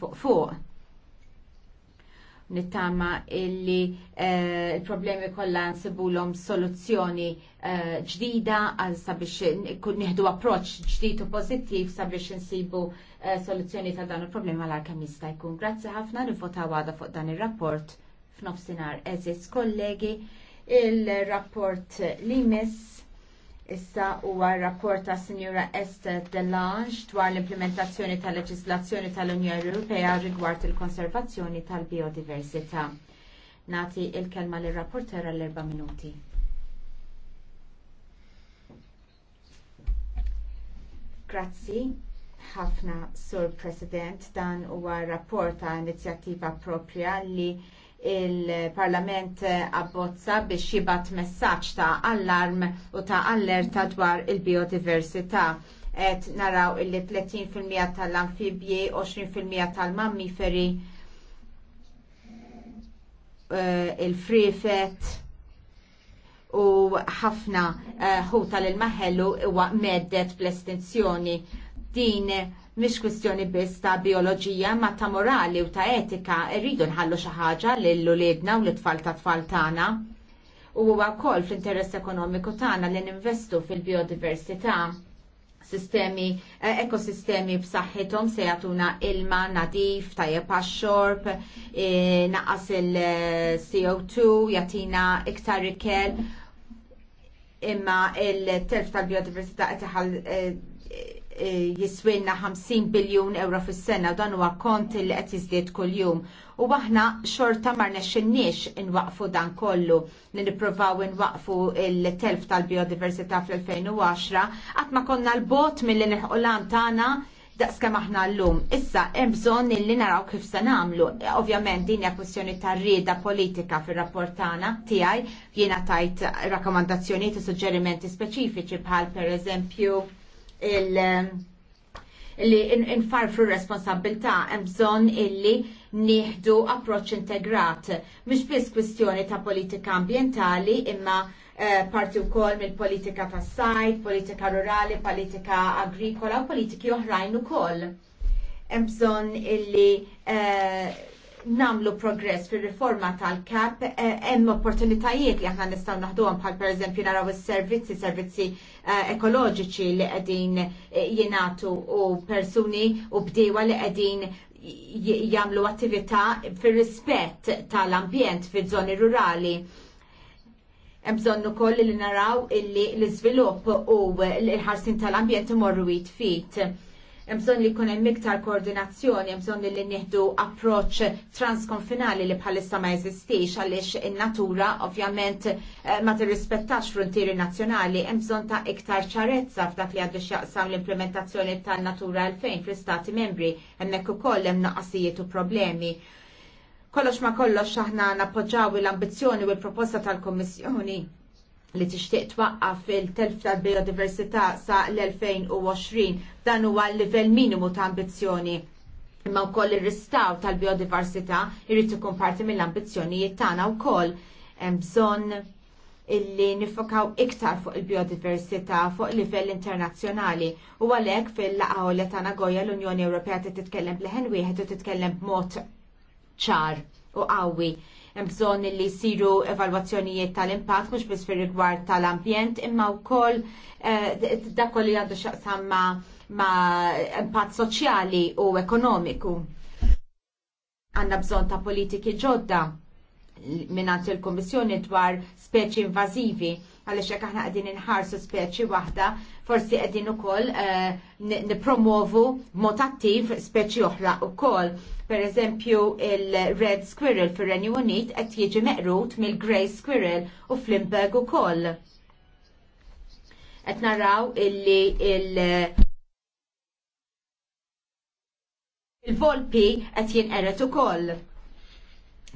fuq fuq nittama illi eh, il-problemi kollha nsibulhom soluzzjoni eh, ġdida għal sabiex nieħdu approċċ ġdid u pożittiv sabiex insibu eh, soluzzjoni ta' dan il-problema għal kemm jista' jkun. Grazzi ħafna nifota għada fuq dan ir-rapport f'nofsinhar eżis kollegi il-rapport li Issa huwa r-rapport ta' Sinjura Esther Delange dwar l-implementazzjoni tal-leġislazzjoni tal-Unjoni Ewropea rigward il-konservazzjoni tal-biodiversità. Nati il-kelma l rapportera l-erba minuti. Grazzi ħafna, Sur President, dan huwa rapport ta' inizjattiva propja li il-Parlament abbozza biex jibat messaġġ ta' allarm u ta' allerta dwar il-biodiversità. Et naraw illi 30% tal-amfibji, 20% tal-mammiferi, eh, il-frifet u ħafna eh, ħuta l-maħellu u meddet bl estenzjoni din mhix kwistjoni biss ta' bioloġija ma ta' morali u ta' etika rridu nħallu xi ħaġa lil uliedna u l-tfal ta' tfal tagħna. U huwa wkoll fl-interess ekonomiku tagħna li ninvestu fil-biodiversità sistemi, eh, ekosistemi b'saħħithom se jagħtuna ilma nadif, tajjeb għax-xorb, eh, naqas il-CO2, jagħtina iktar ikel, imma il-telf tal-biodiversità qed eh, Eh, jiswinna 50 biljun euro fis sena u dan huwa kont li qed jiżdied kuljum. U aħna xorta ma rnexxinniex inwaqfu dan kollu li nippruvaw inwaqfu il-telf tal-biodiversità fl-2010 qatt ma konna l-bot milli nilħqu lan tagħna daqskemm aħna llum. Issa hemm bżonn li naraw kif se nagħmlu. Ovvjament din hija kwestjoni ta' rieda politika fir-rapport tagħna tiegħi jiena tajt rakkomandazzjonijiet u suġġerimenti speċifiċi bħal pereżempju il- li infarfru responsabilta hemm bżonn illi nieħdu approċċ integrat. Mhux biss kwistjoni ta' politika ambjentali imma eh, parti wkoll mill-politika tas sajt, politika rurali, politika agrikola u politiki oħrajn ukoll. Hemm bżonn illi eh, namlu progress fil riforma tal-kap, eh, hemm opportunitajiet li aħna nistgħu naħduhom bħal pereżempju naraw is-servizzi, servizzi, servizzi Eh, ekoloġiċi li qegħdin eh, jingħatu u persuni u bdewa li qegħdin jagħmlu attività fir-rispett tal-ambjent fiż-żoni rurali Mżonnu koll li naraw li l izvilup u l-ħarsin tal-ambjent morru fit. Hemm bżonn li jkun hemm iktar koordinazzjoni, hemm bżonn li nieħdu approċċ transkonfinali li bħalissa ma jeżistix għaliex in-natura ovvjament eh, ma tirrispettax frontieri nazzjonali, hemm bżonn ta' iktar ċarezza f'dak li għandu x'jaqsam l-implementazzjoni tan-natura għalfejn fl-istati membri, hemmhekk ukoll hemm naqasijiet u problemi. Kollox ma kollox aħna nappoġġaw l-ambizzjoni u l-proposta tal-Kommissjoni li tixtieq twaqqaf il-telf tal-biodiversità sa l-2020 dan huwa l-livell minimu ta' ambizzjoni. Imma wkoll ir-ristaw tal-biodiversità jrid ikun parti mill-ambizzjonijiet tagħna wkoll hemm bżonn illi nifokaw iktar fuq il-biodiversità fuq livell internazzjonali u għalhekk fil-laqgħa ta' Nagoya l-Unjoni Ewropea titkellem bleħen wieħed u titkellem b'mod ċar u qawwi Hemm bżonn li jsiru evalwazzjonijiet tal-impatt mhux biss fir-rigward tal-ambjent imma wkoll eh, dak li għandu x'aqsam ma' impatt soċjali u ekonomiku. Għandna bżonn ta' politiki ġodda minn il-Kommissjoni dwar speċi invażivi għaliex jek aħna qegħdin inħarsu speċi waħda, forsi qegħdin ukoll eh, nipromovu mod attiv speċi oħra wkoll. Pereżempju il-Red Squirrel fir-Renju Unit qed jiġi meqrut mill-Grey Squirrel u Flimberg ukoll. Qed naraw illi il- il-volpi qed jinqeret ukoll.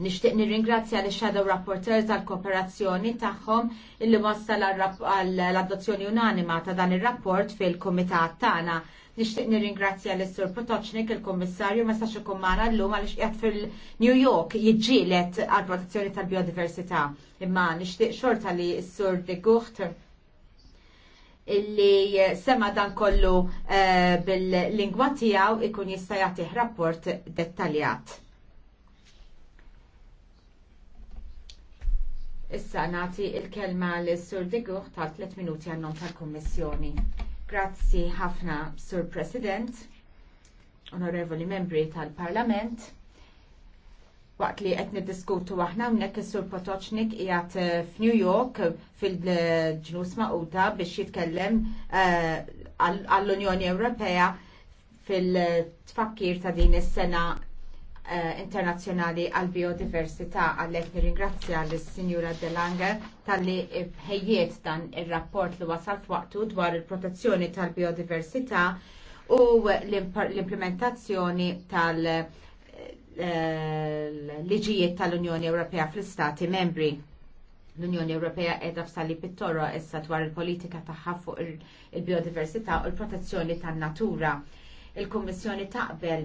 Nixtieq nirringrazzja li shadow rapporteurs għal kooperazzjoni tagħhom illi wassal għall-adozzjoni unanima ta' dan ir-rapport fil-kumitat tagħna. Nixtieq nirringrazzja l sur Potocnik, il-Kummissarju ma sax ikun magħna llum għaliex qiegħed fil-New York jiġġielet għall protezzjoni tal-biodiversità. Imma nixtieq xorta li s-sur Digucht Gucht illi sema dan kollu eh, bil-lingwa tiegħu ikun jista' jagħtih rapport dettaljat. Issa nati il-kelma l-Sur Diguh tal 3 minuti għannom tal-Kommissjoni. Grazzi ħafna, Sur President, onorevoli membri tal-Parlament. Waqt li qed niddiskutu aħna hawnhekk is-Sur Potoċnik qiegħed eh, f'New York fil-ġnus Magħquda biex jitkellem eh, għall-Unjoni Ewropea fil-tfakkir ta' din is-sena Eh, internazzjonali għal biodiversità għallek nirringrazzja l sinjura Delange tal-li ħejjiet dan il-rapport li wasal waqtu dwar il-protezzjoni tal-biodiversità u l-implementazzjoni tal- eh, liġijiet tal-Unjoni Ewropea fl-Istati membri. L-Unjoni Ewropea edha f'sali pittorra issa dwar il-politika tagħha fuq il-biodiversità u l-protezzjoni tan-natura. il biodiversità u l protezzjoni tan natura il-Kummissjoni taqbel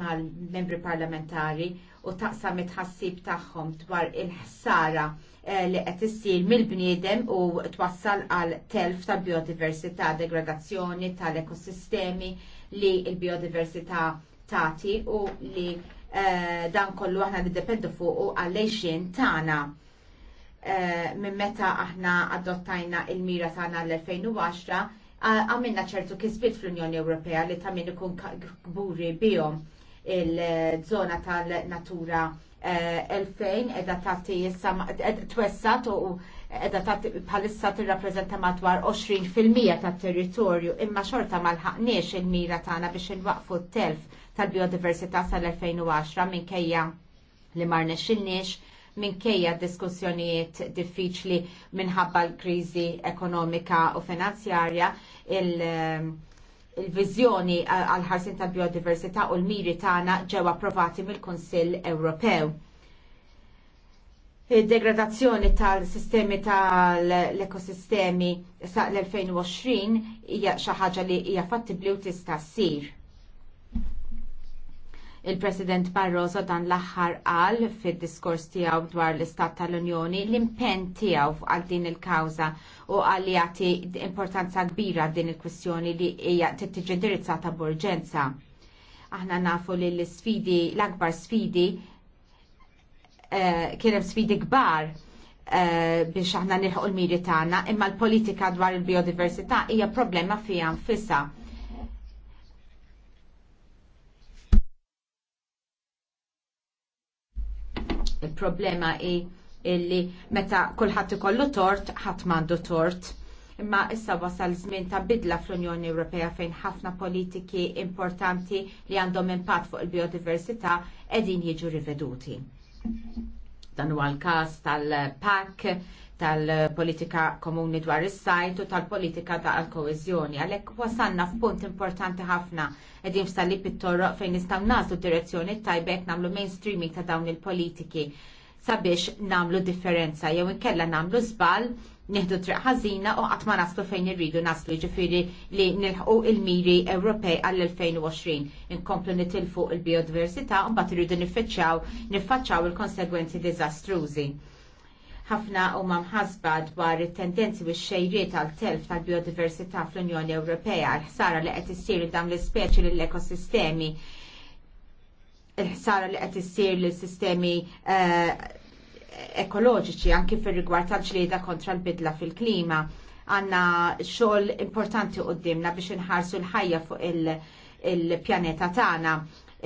mal-membri parlamentari u taqsam it-ħassib tagħhom dwar il-ħsara eh, li qed issir mill-bniedem u twassal għal telf ta' biodiversità, degradazzjoni tal-ekosistemi li l-biodiversità tagħti u li eh, dan kollu aħna niddependu fuq u għalejxin tagħna eh, minn meta aħna adottajna il-mira tagħna l-2010 għamilna ċertu kisbiet fl-Unjoni Ewropea li ta' min ikun kburi bihom il-żona tal-natura 2000 eh, edha tagħti issa twessat u edha palissa bħalissa rapprezenta madwar 20% tat-territorju imma xorta ma lħaqniex il-mira tagħna biex inwaqfu t-telf tal-biodiversità sal-2010 minkejja li ma minn minkejja diskussjonijiet diffiċli minħabba l-kriżi ekonomika u finanzjarja il- ehm, il-vizjoni għal-ħarsin tal-biodiversità u l-miri tagħna ġew approvati mill-Kunsill Ewropew. Id-degradazzjoni tal-sistemi tal-ekosistemi sa' l-2020 hija xi ħaġa li hija fattibbli u tista' ssir. Il-President Barroso dan l-aħħar qal fid-diskors tiegħu dwar l-Istat tal-Unjoni l-impenn tiegħu għal din il-kawża u għalli għati importanza kbira din il-kwestjoni li hija tiġi indirizzata b'urġenza. Aħna nafu li l-sfidi, l-akbar sfidi, eh, kienem sfidi kbar eh, biex aħna nilħu l-miri tagħna, imma l-politika dwar il-biodiversità hija problema fija nfisa. Il-problema hi illi meta kulħadd ikollu tort ħadd m'għandu tort. Imma issa wasal żmien ta' bidla fl-Unjoni Ewropea fejn ħafna politiki importanti li għandhom impatt fuq il-biodiversità qegħdin jiġu riveduti. Dan huwa l-każ tal pac tal-politika komuni dwar is-sajt u tal-politika ta' koeżjoni Għalhekk wasanna f'punt importanti ħafna qegħdin fsalib it torroq fejn nistgħu d direzzjoni tajbek nagħmlu mainstreaming ta' dawn il-politiki sabiex namlu differenza jew inkella namlu żball nieħdu triq ħażina u qatt ma naslu fejn irridu naslu ġifieri li nilħqu il-miri Ewropej għall-2020. Inkomplu nitilfu il-biodiversità u mbagħad irridu niffiċċaw niffaċċaw il-konsegwenzi diżastrużi. Ħafna huma mħasba dwar it-tendenzi biex xejriet għal telf tal-biodiversità fl-Unjoni Ewropea, l-ħsara li qed issir dawn l-ispeċi lill-ekosistemi il-ħsara li qed issir lil sistemi eh, ekoloġiċi anki fir-rigward tal-ġlieda kontra l-bidla fil-klima għanna xogħol importanti qudiemna biex inħarsu l-ħajja fuq il-pjaneta tagħna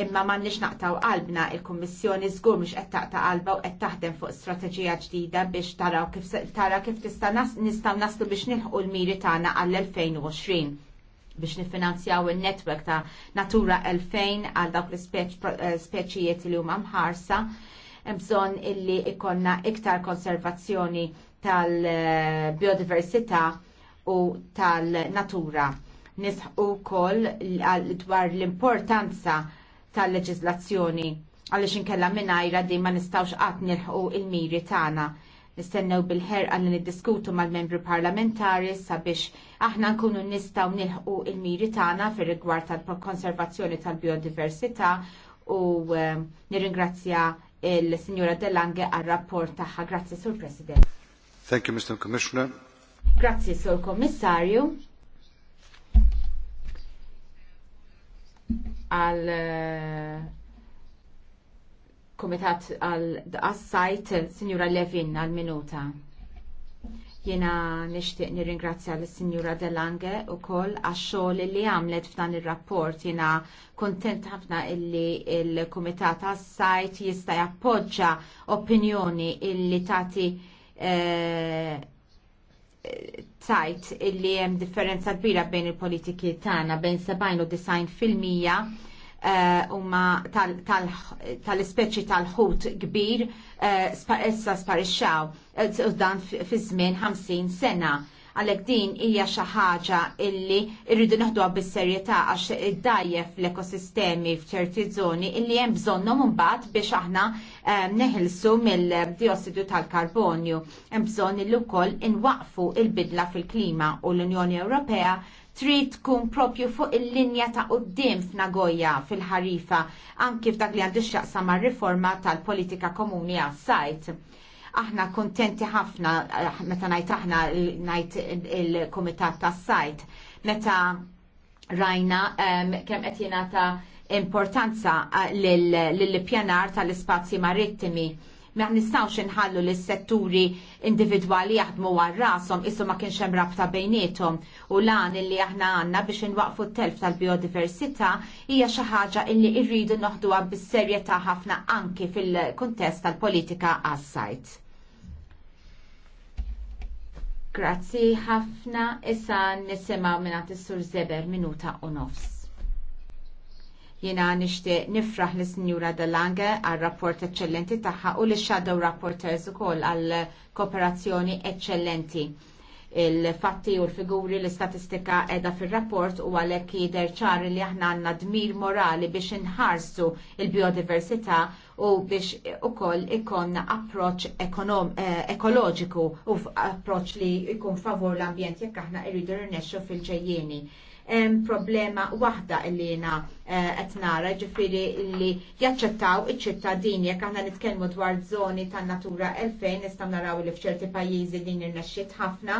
imma m'għandniex naqtaw qalbna il-Kummissjoni żgur mhux qed taqta' qalba u qed taħdem fuq strateġija ġdida biex taraw kif tara kif tista' nistgħu naslu biex nilħqu l-miri tagħna għall-2020 biex nifinanzjaw il-netwerk ta' Natura 2000 għal dawk l-speċijiet eh, li huma mħarsa. Bżon illi ikonna iktar konservazzjoni tal-biodiversità u tal-natura. Nisħu kol dwar l-importanza tal-leġizlazzjoni għalix inkella minnajra di ma nistawx qatt nilħu il-miri tagħna Nistennew bil-ħerqa li niddiskutu mal-membri parlamentari sabiex aħna nkunu nistgħu nilħu il-miri tagħna fir-rigward tal-konservazzjoni tal-biodiversità u ehm, nirringrazzja il-Sinjura Dellange għal-rapport tagħha. Grazzi, Sur President. Thank you, Mr. Commissioner. Grazzi, Sur Kommissarju. Għal eh, Komitat għal-sajt, Signora Levin, għal-minuta. Jena nishtiq nirringrazzja l-Signora Delange u koll għaxxol li għamlet f'dan il-rapport. Jena kontent ħafna illi il-Komitat għal-sajt jista jappoġġa opinjoni illi tati eh, tajt illi hemm differenza kbira bejn il-politiki tagħna bejn 70 u 90 fil-mija huma eh, tal-ispeċi tal-ħut kbir eh, issa sparixxaw eh, dan fi żmien 50 sena għalhekk din hija xi ħaġa illi rridu naħduha bis-serjetà għax iddajjef l-ekosistemi f'ċerti żoni illi hemm bżonnhom imbagħad biex aħna neħilsu mill-diossidu tal-karbonju. Hemm bżonn illi wkoll inwaqfu il-bidla fil-klima u l-Unjoni Ewropea trid tkun propju fuq il-linja ta' qoddim f'Nagoya fil-ħarifa anki f'dak li għandu xaqsa ma' riforma tal-politika komuni għas-sajt. Aħna kontenti ħafna eh, meta ngħid aħna ngħid il-kumitat tas-sajt meta rajna kemm qed jingħata importanza eh, lill-pjanar tal-ispazji marittimi ma nistawx inħallu l setturi individwali jaħdmu għal rasom issu ma kienx hemm rabta bejnietom u lan illi aħna għandna biex inwaqfu t-telf tal-biodiversità hija xi ħaġa illi rridu noħduha bis-serjetà ħafna anki fil-kuntest tal-politika għas-sajt. Grazzi ħafna issa nisimgħu minn is-Sur Zeber minuta u nofs. Jiena nishtiq nifraħ l sinjura Delange għal rapport eccellenti tagħha u li shadow rapporters ukoll għal kooperazzjoni eccellenti. Il-fatti u l-figuri l-istatistika edha fil-rapport u għalhekk jidher ċar li aħna għandna dmir morali biex inħarsu il-biodiversità u biex ukoll ikon approċ eh, ekoloġiku u approċ li jkun favor l-ambjent jekk aħna irridu rnexxu fil-ġejjieni problema waħda li jena eh, qed nara ġifieri li jaċċettaw iċ-ċittadini jekk aħna nitkellmu dwar żoni tan-natura 2000 nistgħu naraw li f'ċerti pajjiżi din irnexxiet ħafna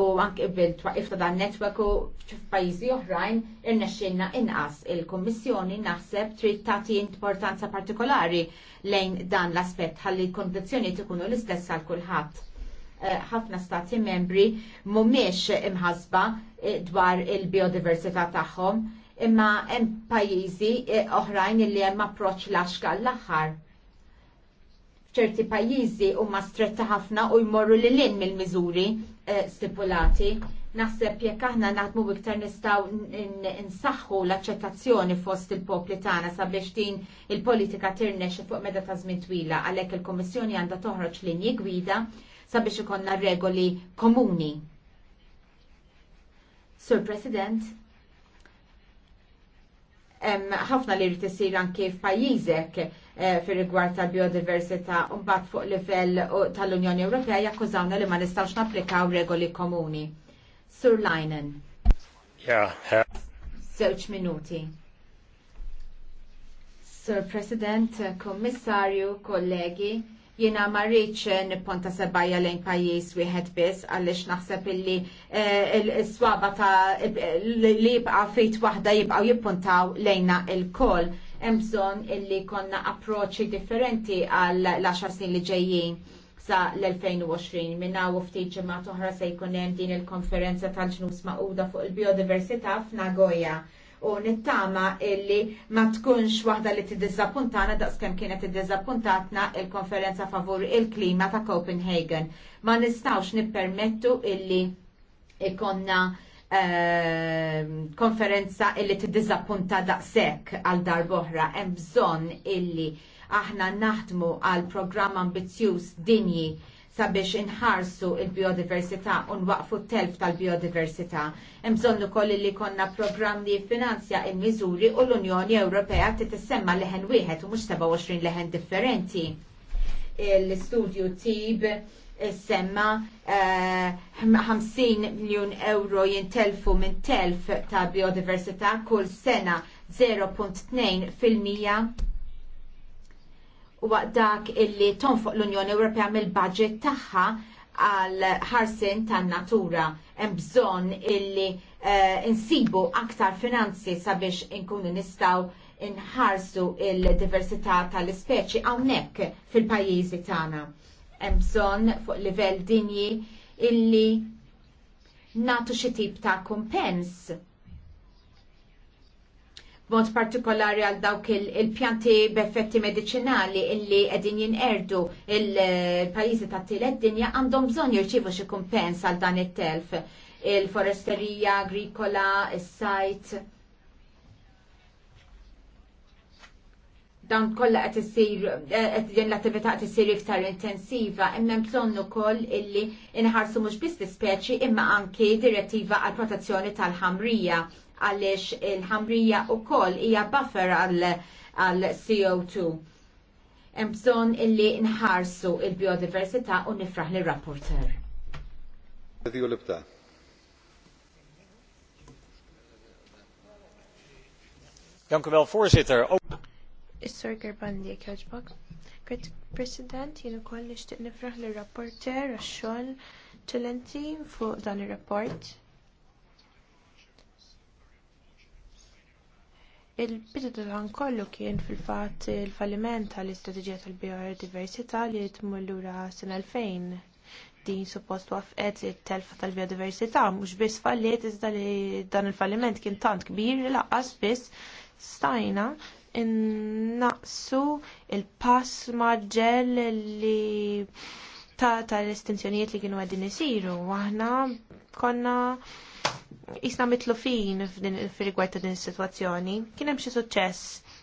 u anke bil-twaqif ta' dan netwerk u f'pajjiżi oħrajn irnexxinna inqas il-Kummissjoni naħseb trid tagħti importanza partikolari lejn dan l-aspett ħalli l-kondizzjonijiet ikunu l-istess għal kulħadd ħafna stati membri mhumiex imħasba eh, dwar il-biodiversità tagħhom imma hemm pajjiżi eh, oħrajn li hemm approċċ laxka l-aħħar ċerti pajjiżi huma stretta ħafna u jmorru li lin mill-miżuri eh, stipulati. Naħseb jekk aħna naħdmu iktar nistgħu nsaħħu l-aċċettazzjoni fost il-popli tagħna sabiex din il-politika tirnex fuq meta ta' żmien twila għalhekk il-Kummissjoni għandha toħroġ linji gwida sabiex ikonna regoli komuni. Sur President, ħafna li rrit anki anke f'pajjiżek eh, fir rigward tal-biodiversità u mbagħad fuq livell tal-Unjoni Ewropea jakkużawna li ma nistgħux napplikaw regoli komuni. Sur Leinen. Żewġ minuti. Sur President, Kommissarju, kollegi, Jiena ma rridx nipponta sebajja lejn pajjiż wieħed biss għaliex naħseb illi s-swaba eh, ta' li jibqa' fit waħda jibqgħu jippuntaw lejna il kol Hemm bżonn illi konna approċċi differenti għal l-10 snin li ġejjin sa l-2020 minna u ftit ġimgħat oħra se jkun hemm din il-konferenza tal-ġnus maquda fuq il-biodiversità f'Nagoya u nittama illi ma tkunx waħda li tiddiżappuntana daqskemm kienet t-dizzapuntatna il-konferenza favur il-klima ta' Copenhagen. Ma nistawx nippermettu illi ikonna ehm, konferenza illi tiddiżappunta daqshekk għal darboħra hemm bżonn illi aħna naħdmu għal programm ambizzjuż dinji sabiex inħarsu il-biodiversità u nwaqfu t-telf tal-biodiversità. Imżon ukoll li konna programm li finanzja il-miżuri u l-Unjoni Ewropea titissemma leħen wieħed u mhux 27 leħen differenti. L-istudju tib semma 50 eh, miljon euro jintelfu minn telf ta' biodiversità kull sena 0.2 fil-mija waqt dak illi tonfoq l-Unjoni Ewropea mill-budget tagħha għal ħarsin tan natura hemm bżonn illi uh, insibu aktar finanzi sabiex inkunu nistaw inħarsu il-diversità tal-ispeċi hawnhekk fil-pajjiżi tagħna. Hemm bżonn fuq livell dinji illi natu xi tip ta' kumpens mod partikolari għal dawk il-pjanti il b'effetti medicinali illi edin jinqerdu il-pajizi ta' tielet dinja għandhom bżon jirċivu xi kumpens għal dan it-telf il-foresterija, agrikola, il sajt Dan Dawn kollha qed din l-attività qed isir iktar intensiva, imma bżonn ukoll illi inħarsu mhux biss speċi imma anki direttiva għal protezzjoni tal-ħamrija għaliex il-ħamrija u koll ija buffer għal CO2. Hemm illi nħarsu il biodiversita u nifraħ li rapporter Dank u wel, voorzitter. Sorry, sor Gerbandi, Kjoġbog. Grazzi President, jenu ukoll nishtik nifraħ li rapporter għax-xogħol ċelenti fuq dan ir-rapport. Il-bidu dan kollu kien fil-fat il-falliment tal-istrateġija tal-biodiversità li jitmu l-ura sen 2000. Din suppost wafqet il-telfa tal-biodiversità, mux biss falliet iżda li dan il-falliment kien tant kbir laqqas biss stajna innaqsu il-pass maġġel li ta' tal estensjonijiet li kienu għedin isiru. Aħna konna jisna mitlu fin fil-rigward ta' din is-sitwazzjoni. Kien hemm xi suċċess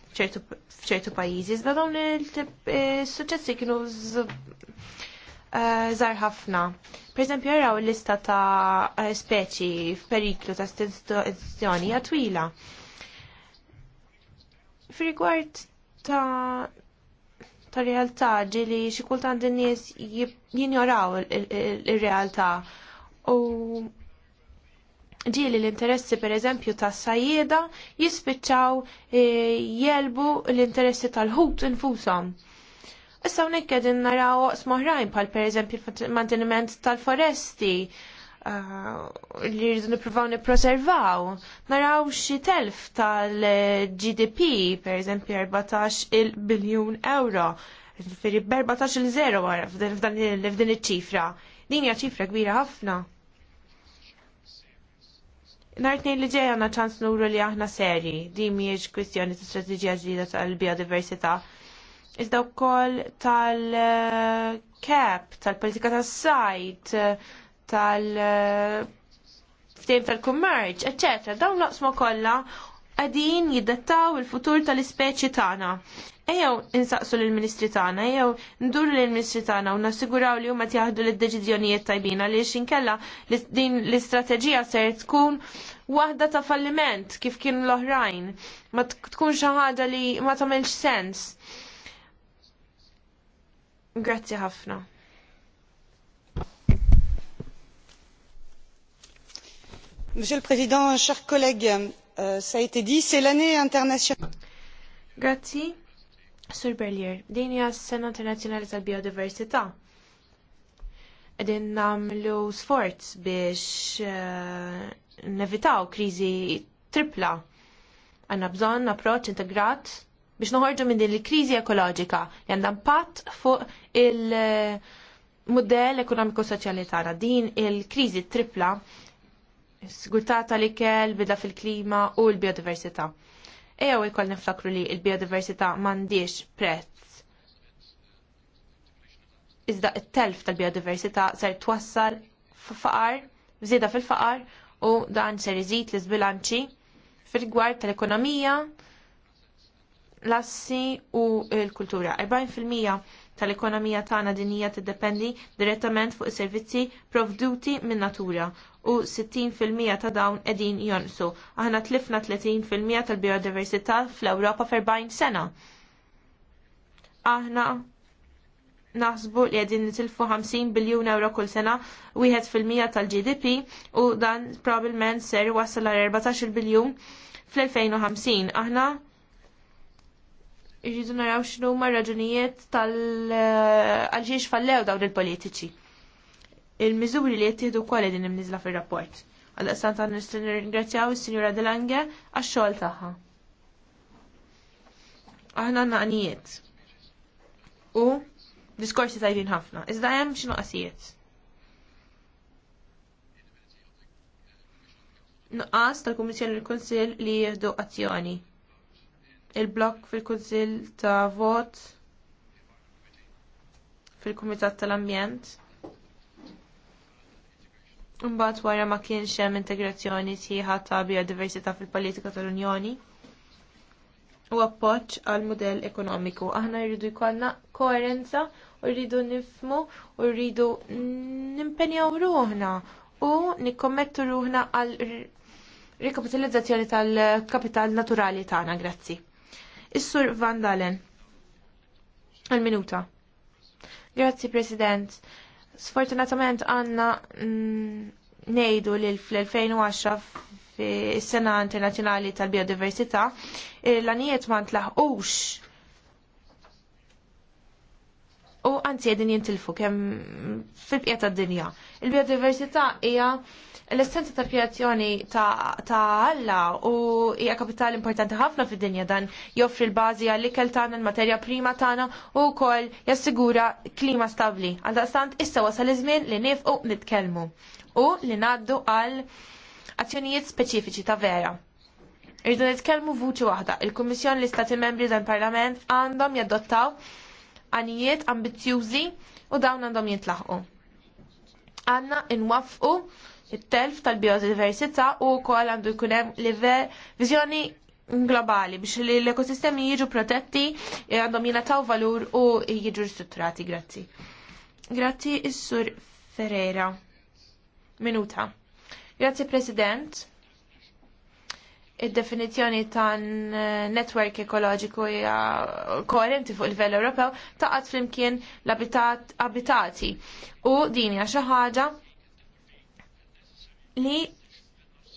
f'ċertu pajjiżi, iżda dawn il-suċċessi kienu eh, żgħar ħafna. Pereżempju jaraw il-lista ta' eh, speċi f'periklu ta' estinzjoni hija twila. F'rigward rigward ta' ta' realtà ġili xi kultant in-nies jinjoraw ir-realtà u ġieli l-interessi per eżempju ta' sajjeda jispiċċaw eh, jelbu l-interessi tal-ħut infusom. Issa unik qegħdin naraw smoħrajn bħal per eżempju manteniment tal-foresti eh, li rridu nippruvaw nipproservaw. Naraw xi telf tal-GDP per eżempju 14 il biljun euro. Firri 14 il-0 f'din iċ-ċifra. Din hija ċifra kbira ħafna. Nartnejn li ġej għanna ċans nuru li aħna seri, di miex kwistjoni ta' strategija ġdida tal-biodiversità, iżda wkoll tal-kep, tal-politika tas-sajt, tal eh, ftejn tal-kummerċ, eccetera. Dawn naqsmu kollha għadin jiddettaw il-futur tal-ispeċi tagħna. Ejjew insaqsu lill-Ministri tagħna, ejjew ndur lill-Ministri tagħna u nassiguraw li huma jaħdu l-deċiżjonijiet li għaliex li din l-istrateġija ser tkun waħda ta' falliment kif kien l-oħrajn. Ma tkun xi ħaġa li ma tagħmelx sens. Grazzi ħafna. Monsieur le Président, chers collègues, Euh, ça a été dit, c'est l'année internationale. Grazzi, Sur Berlier, din hija s-Sena Internazzjonali tal-Biodiversità. Qegħdin nagħmlu sforz biex eh, nevitaw kriżi tripla. Għandna bżonn approċċ integrat biex noħorġu minn din il-kriżi ekoloġika li għandha impatt fuq il- eh, modell ekonomiku soċjali tagħna din il-kriżi tripla sigurtà tal-ikel, bida fil-klima u l-biodiversità. u jkoll niflakru li l-biodiversità m'għandix prezz. Iżda t-telf tal-biodiversità ser twassal f'faqar, żieda fil-faqar u dan ser iżid l-iżbilanċi fil-gwar tal-ekonomija, l-assi u l-kultura. 40% tal-ekonomija tagħna din hija tiddependi direttament fuq is-servizzi provduti min-natura u 60% ta' dawn edin jonqsu. Aħna tlifna 30% tal-biodiversità fl-Ewropa f'40 sena. Aħna naħsbu li għedin nitilfu 50 biljun euro kull sena, wieħed fil-mija tal-GDP u dan probablement ser wasal għal 14 biljun fl-2050. Aħna irridu naraw x'nu ma raġunijiet tal għalġiex fallew dawn il-politiċi il-miżuri li jittieħdu kwali din imniżla fir-rapport. Għal-qsan ta' nirringrazzjaw is-Sinjura Delange għax-xogħol tagħha. Aħna naqnijiet. U diskorsi tajbin ħafna. Iżda hemm xi noqasijiet. Nuqqas tal-Kummissjoni l-Kunsill li jieħdu azzjoni. Il-blok fil-Kunsill ta' vot fil-Kumitat tal-Ambjent Mbagħad wara ma kienx hemm integrazzjoni sħiħa ta' biodiversità fil-politika tal-Unjoni u appoġġ għal mudell ekonomiku. Aħna rridu jkollna koerenza u rridu nifmu u rridu nimpenjaw ruħna u nikkommettu ruħna għal rikapitalizzazzjoni tal-kapital naturali tagħna, grazzi. Is-Sur Van Dalen. Għal-minuta. Grazzi, President. Sfortunatament għanna nejdu li fl-2010 fis-Sena Internazzjonali tal-Biodiversità l-għanijiet ma ntlaħqux u għanzi għedin jintilfu kem fil-bqiet d dinja Il-biodiversità hija l-essenza tal-kreazzjoni ta' Alla u hija kapital importanti ħafna fid-dinja dan joffri l-bażi għall-ikel tagħna, l-materja prima tagħna u wkoll jassigura klima stabbli. Għaldaqstant issa wasal iż-żmien li nifqu nitkellmu u li ngħaddu għal azzjonijiet speċifiċi ta' vera. Irridu nitkellmu vuċi waħda. Il-Kummissjoni l-Istati Membri dan Parlament għandhom jadottaw għanijiet ambizzjużi u dawn għandhom jitlaħqu għanna nwafqu it-telf tal-biodiversità u kol għandu jkun hemm vizjoni viżjoni globali biex li l-ekosistemi jiġu protetti e għandhom jingħataw valur u jiġu ristrutturati. Grazzi. Grazzi issur Ferreira. Minuta. Grazzi President id-definizzjoni ta' netwerk ekoloġiku hija koerenti fuq il-livell Ewropew taqgħod flimkien l-abitati. U din hija xi ħaġa li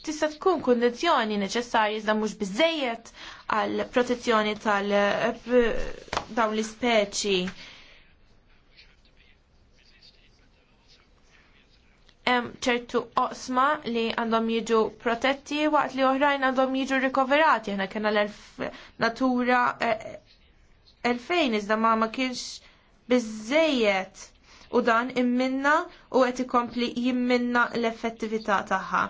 tista' tkun kundizzjoni neċessarji iżda mhux biżejjed għal protezzjoni tal eh, dawn l-ispeċi hemm ċertu oqsma li għandhom jiġu protetti waqt li oħrajn għandhom jiġu rikoverati. Aħna kena l-natura 2000 eh, iżda ma ma kienx biżejjed u dan imminna u qed ikompli jimminna l-effettività tagħha.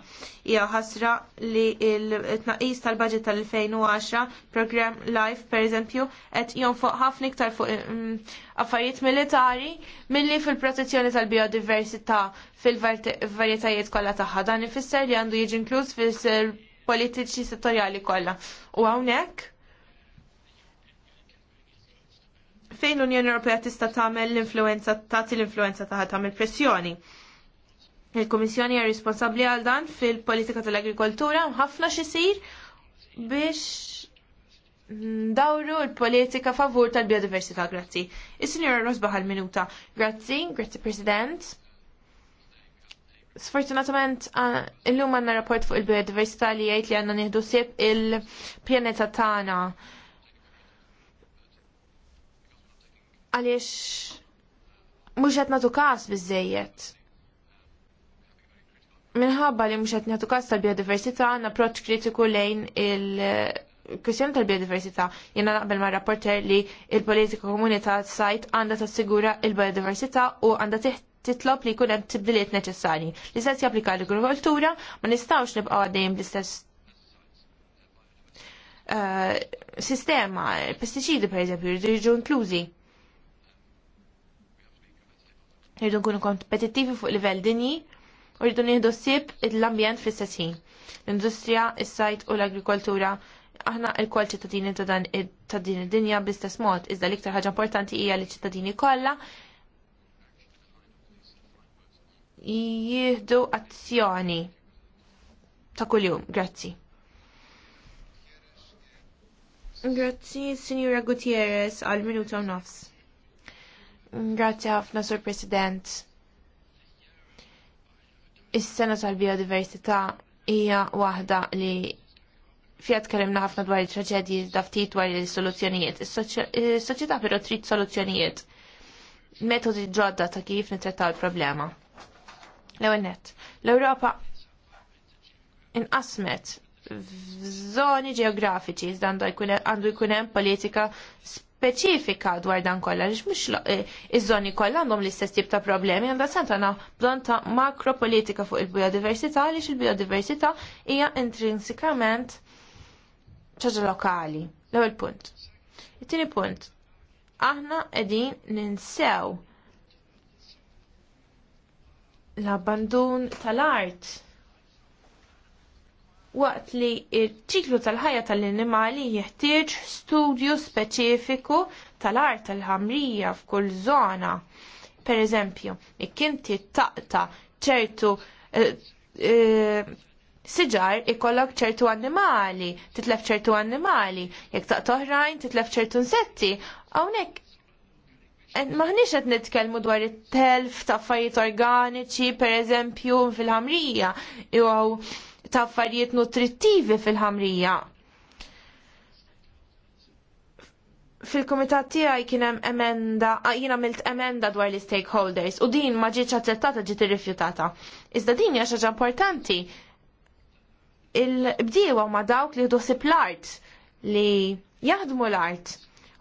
Ija ħasra li l-tnaqqis tal-budget tal-2010 program Life pereżempju qed jonfoq ħafna iktar fuq mm, affarijiet militari milli fil-protezzjoni tal-biodiversità fil-varjetajiet kollha tagħha. Dan ifisser li għandu jiġi inkluż fil-politiċi settorjali kollha. U hawnhekk fejn l-Unjoni Ewropea tista' tagħmel l-influenza tagħti l-influenza tagħha tagħmel pressjoni. Il-Kummissjoni hija responsabbli għal dan fil-politika tal-agrikoltura ħafna xisir biex dawru l-politika favur tal-biodiversità, grazzi. Is-Sinjora Rosbaħ għal-minuta. Grazzi, grazzi President. Sfortunatament, illum għanna rapport fuq il-biodiversità li jgħid li għanna nieħdu sib il-pjaneta tagħna għaliex mhux qed nagħtu każ Minħabba li mhux qed nagħtu każ tal-biodiversità għandna kritiku lejn il- kwistjoni tal-biodiversità, jena naqbel ma' rapporter li il-politika komunità sajt għanda tassigura il-biodiversità u għanda titlob li kunem tibdiliet neċessari. Li sess japplika l-agrikoltura, ma nistawx nibqaw għaddejn bl istess eh, sistema, pesticidi per eżempju, jiġu inklużi. Rridu nkunu kompetittivi fuq livell dinji u rridu nieħdu ssib l-ambjent fl-istess ħin. L-industrija, is-sajt u l-agrikoltura aħna l-kol ċittadini ta' dan ta' din id-dinja bl-istess mod, iżda l-iktar ħaġa importanti hija li ċittadini kollha jieħdu azzjoni ta' kuljum. Grazzi. Grazzi, Signora Gutierrez, għal minuta u nofs. Grazie ħafna, Sur President. Is-sena tal-biodiversità hija waħda li fiha tkellimna ħafna dwar il-traġedji ftit dwar il-soluzzjonijiet. Is-soċjetà però trid soluzzjonijiet. Metodi ġodda ta' kif nittrattaw il-problema. L-ewwel nett, l-Ewropa inqasmet f'żoni ġeografiċi iżda għandu jkun hemm politika speċifika dwar dan kollha għaliex mhux eh, iż-żoni kollha għandhom l-istess tip ta' problemi għandha sant għandha bżonn makropolitika fuq il-biodiversità għaliex il-biodiversità hija intrinsikament ċaġa lokali. L-ewwel punt. It-tieni punt. Aħna qegħdin ninsew l-abbandun tal-art waqt li il-ċiklu tal-ħajja tal-animali jeħtieġ studju speċifiku tal-art tal-ħamrija f'kull zona. Per eżempju, ikkinti taqta ċertu eh, eh, siġar ikollok ċertu annimali, titlef ċertu annimali, jekk taqta oħrajn titlef ċertu insetti, hawnhekk maħniex qed nitkellmu dwar it-telf ta' affarijiet organiċi, per eżempju, fil-ħamrija, jew ta' affarijiet nutrittivi fil-ħamrija. Fil-komitat tiegħi kien hemm emenda, ah, jiena milt emenda dwar li stakeholders u din ma ġietx aċċettata ġiet irrifjutata. Iżda din hija xi ħaġa importanti. Il-bdiewa ma dawk li ħsieb l-art li jaħdmu l-art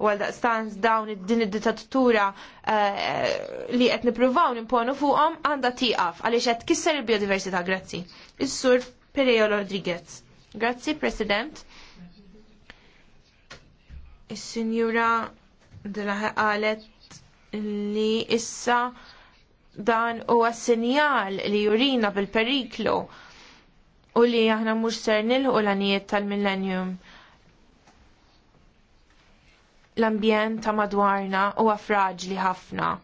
u għal daqstanz dawn din id-dittatura eh, li qed nippruvaw nimponu fuqhom għandha tieqaf għaliex qed kisser il-biodiversità grazzi. is surf Pereo Rodriguez. Grazzi, President. Is-Sinjura Delaħe qalet li issa dan huwa sinjal li jurina bil-periklu u li aħna mhux ser nilħu l tal-millennium. L-ambjent ta' madwarna huwa li ħafna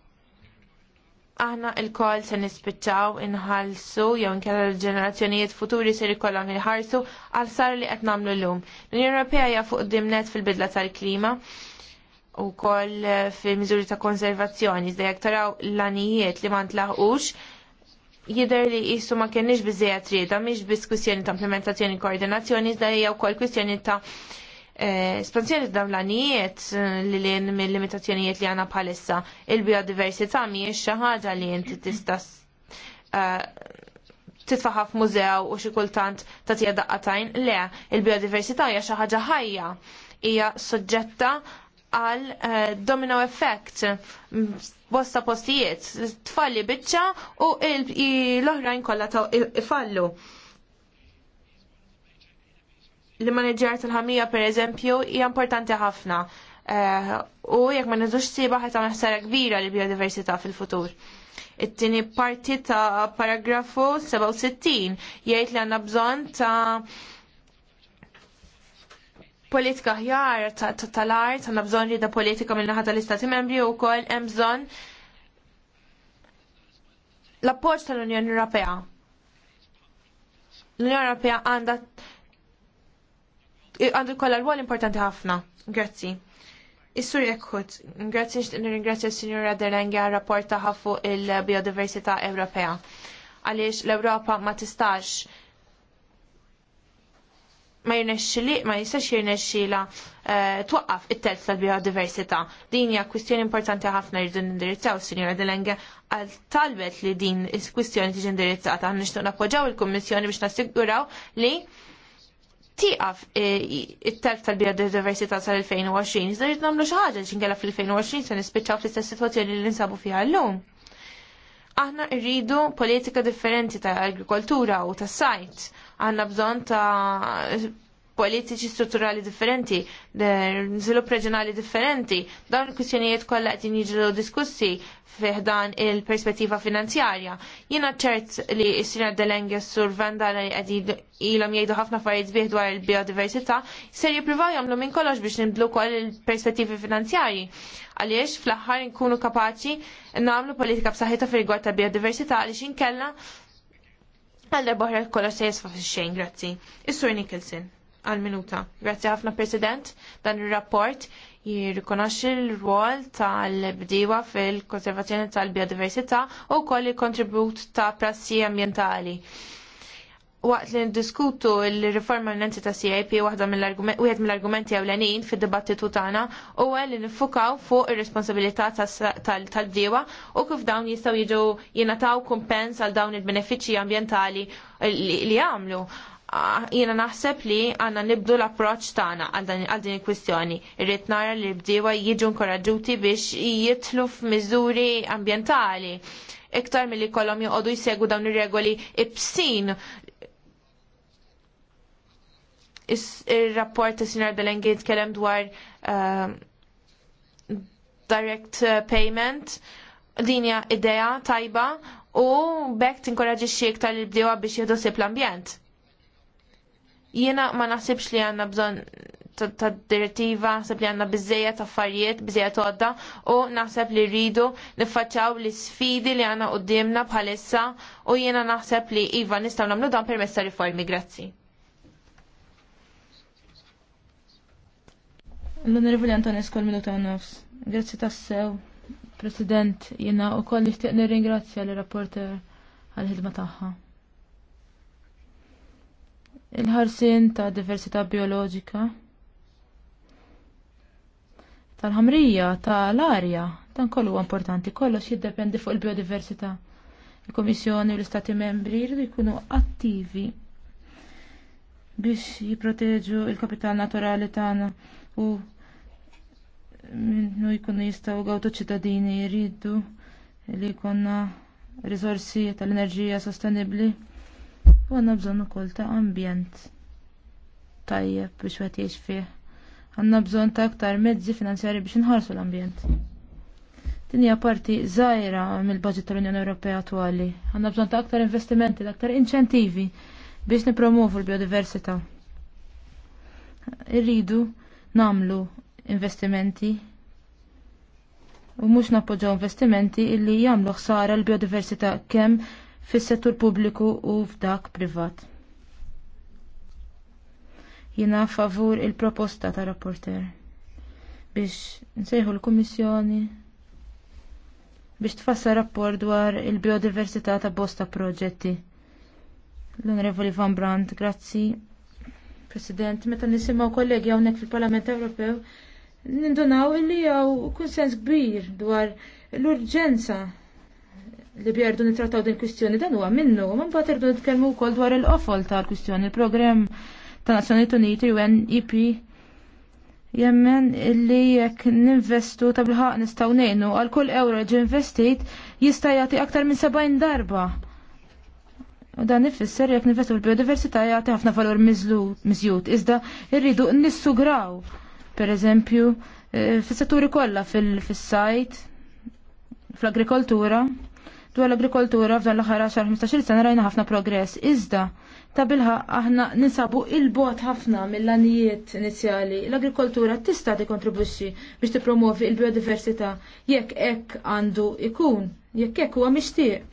aħna il-koll se nispiċċaw inħalsu jew inkella l-ġenerazzjonijiet futuri se jkollhom jħarsu għal sar li qed nagħmlu llum. L-Unjoni Ewropea hija fuq dimnet fil-bidla tal-klima u koll eh, fil-miżuri ta' konservazzjoni, iżda jekk taraw l-anijiet li ma ntlaħqux, jider li jissu ma kienx biżejjed rieda, mhix biss kwistjoni ta' implementazzjoni koordinazzjoni, iżda hija wkoll kwistjoni ta' espansjoni dawn l-għanijiet eh, li l-in mill-limitazzjonijiet li għana bħalissa il-biodiversità xi ħaġa li jinti tista eh, titfaħa f'mużew u xi kultant tagħtiha daqqatajn le il-biodiversità hija xi ħaġa ħajja hija soġġetta għal eh, domino effect bosta postijiet tfalli biċċa u l-oħrajn kollha fallu l-manager tal-ħamija per eżempju hija importanti ħafna. Eh, u jekk ma nidux siba ħet għamil ħsara kbira li biodiversità fil-futur. It-tieni parti ta' paragrafu 67 jgħid li għandna bżonn ta' politika ħjar tal-art, għandna bżonn da politika minn naħa tal-Istati Membri u wkoll hemm bżonn l-appoġġ tal-Unjoni Ewropea. L-Unjoni Ewropea għandha għandu kolla l-wol importanti ħafna. Grazzi. Is-sur jekkut, grazzi nirringrazzja s-Sinjura għal rapporta ħafu il-biodiversità Ewropea. Għaliex l-Ewropa ma tistax ma jirnexxili, ma jistax jirnexxila eh, twaqqaf it-telf tal-biodiversità. Din hija kwistjoni importanti ħafna jridu nindirizzaw, Sinjura Delenge, għal talbet li din is-kwistjoni tiġi indirizzata. Nixtieq nappoġġaw il-Kummissjoni biex nassiguraw li tiqaf eh, it-telf tal-biodiversità sal-2020, iżda jrid nagħmlu xi ħaġa li xinkella fl-2020 se nispiċċaw fl-istess sitwazzjoni li nsabu fiha llum. Aħna rridu politika differenti tal-agrikoltura u tas-sajt. Għandna bżonn ta' politiċi strutturali differenti, żvilupp reġjonali differenti, dawn il-kwistjonijiet kollha qed jiġu diskussi fiħdan il-perspettiva finanzjarja. Jiena ċert li s-sinar Delenge sur Venda li qed ilhom jgħidu ħafna affarijiet bih dwar il-biodiversità, ser jippruvaw jagħmlu minn kollox biex nibdlu wkoll il-perspettivi finanzjarji. Għaliex fl-aħħar nkunu kapaċi nagħmlu politika b'saħħitha fir-rigward ta' biodiversità għaliex inkella għal darba kollox se jisfa' fix-xejn, grazzi. Is-Sur Nicholson għal-minuta. Grazzi ħafna President, dan il-rapport jirrikonoxxi l-rwol tal-bdiewa fil-konservazzjoni tal-biodiversità u koll il-kontribut ta' prassi ambientali waqt li ndiskutu l-riforma l-nanzi ta' CIP għed mill-argumenti għawlanin fid dibattitu tagħna huwa li nifukaw fuq ir-responsabilità tal bdiwa u kif dawn jistgħu jidu jingħataw kumpens għal dawn il-benefiċċji ambjentali li għamlu jiena naħseb li għanna nibdu l-approċ tagħna għal din il-kwistjoni. Irrid nara li l-bdiewa jiġu nkoraġuti biex jitlu f'miżuri ambjentali iktar milli kolom joqogħdu jsegu dawn ir-regoli ibsin ir-rapport ta' Sinar Belengi tkellem dwar ehm, direct eh, payment dinja idea tajba u bekk tinkoraġixxi iktar il-bdiewa biex jieħdu sib l-ambjent Jiena ma naħsibx li għandna bżonn ta' direttiva, naħseb li għanna bizzejja ta' affarijiet, bizzejja todda u naħseb li rridu nifacċaw l sfidi li għandna qudiemna bħalissa u jiena naħseb li iva nistgħu nagħmlu dan permezz ta' riformi, grazzi. L-Onorevoli Antonis kol minuta nofs. Grazzi ta' sew, President, jiena u koll nixtieq nirringrazzja l-rapporter għal-ħidma tagħha il-ħarsin ta' diversità bioloġika, tal-ħamrija, tal-arja, dan kollu importanti, kollox jiddependi fuq il-biodiversità. Il-Komissjoni u l-Istati membri jridu jkunu attivi biex jiproteġu il-kapital naturali tagħna u minnu jkunu jistgħu gawtu ċittadini jridu li jkollna riżorsi tal-enerġija sostenibbli U għandna bżonn ukoll ta' ambjent tajjeb biex wieħed jgħix fih. Għanna bżonn ta' aktar mezzi finanzjarji biex inħarsu l-ambjent. Din hija parti żgħira mill-baġit tal-Unjoni Ewropea attwali. Għandna bżonn ta' aktar investimenti, ta' aktar inċentivi biex nipromovu l-biodiversità. Irridu namlu investimenti u mhux nappoġġaw investimenti illi jagħmlu ħsara l-biodiversità kemm fis-settur pubbliku u f'dak privat. Jina favur il-proposta ta' rapporter biex nsejħu l-Kummissjoni biex tfassar rapport dwar il-biodiversità ta' bosta proġetti. L-Onorevoli Van Brandt, grazzi. President, meta nisimgħu kollegi hawnhekk fil-Parlament Ewropew, nindunaw illi għaw konsens kbir dwar l-urġenza li bjerdu nitrattaw din kwistjoni dan huwa minnu, ma mbagħad irdu nitkellmu wkoll dwar il-qofol tal-kwistjoni, il-programm ta' Nazzjonijiet Uniti UNEP jemmen illi jekk ninvestu ta' bilħaq nistgħu ngħinu għal kull euro li investit jista' jagħti aktar minn 70 darba. U dan ifisser jekk ninvestu l biodiversità jagħti ħafna valur miżjud, iżda rridu nissugraw. Per eżempju, eh, fis-setturi kollha fil-sajt, fl-agrikoltura, dwar l-agrikoltura f'dan l-aħħar 10-15 sena rajna ħafna progress. Iżda, ta' bilħa aħna ninsabu il-bot ħafna mill-anijiet inizjali. L-agrikoltura tista' tikkontribwixxi biex tippromovi il-biodiversità jekk hekk għandu ikun, jekk hekk huwa mixtieq.